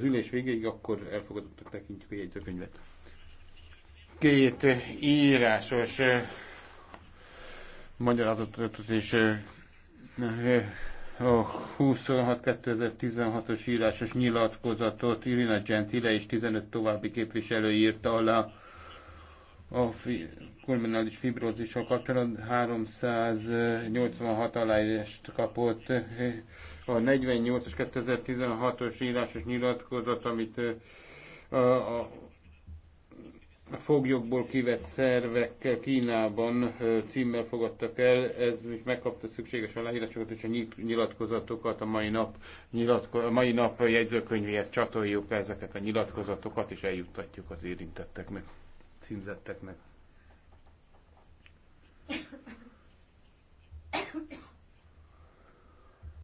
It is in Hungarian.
az ülés végéig, akkor elfogadottak tekintjük a jegyzőkönyvet. Két írásos magyarázatot és a 26-2016-os írásos nyilatkozatot Irina Gentile és 15 további képviselő írta alá a fi, pulmonális fibrózissal kapcsolatban 386 aláírást kapott a 48-as 2016-os írásos nyilatkozat, amit a, a a foglyokból kivett szervekkel Kínában címmel fogadtak el, ez is megkapta szükséges aláírásokat és a nyilatkozatokat a mai nap, nyilatko, a mai nap jegyzőkönyvéhez csatoljuk ezeket a nyilatkozatokat, és eljuttatjuk az érintetteknek címzetteknek.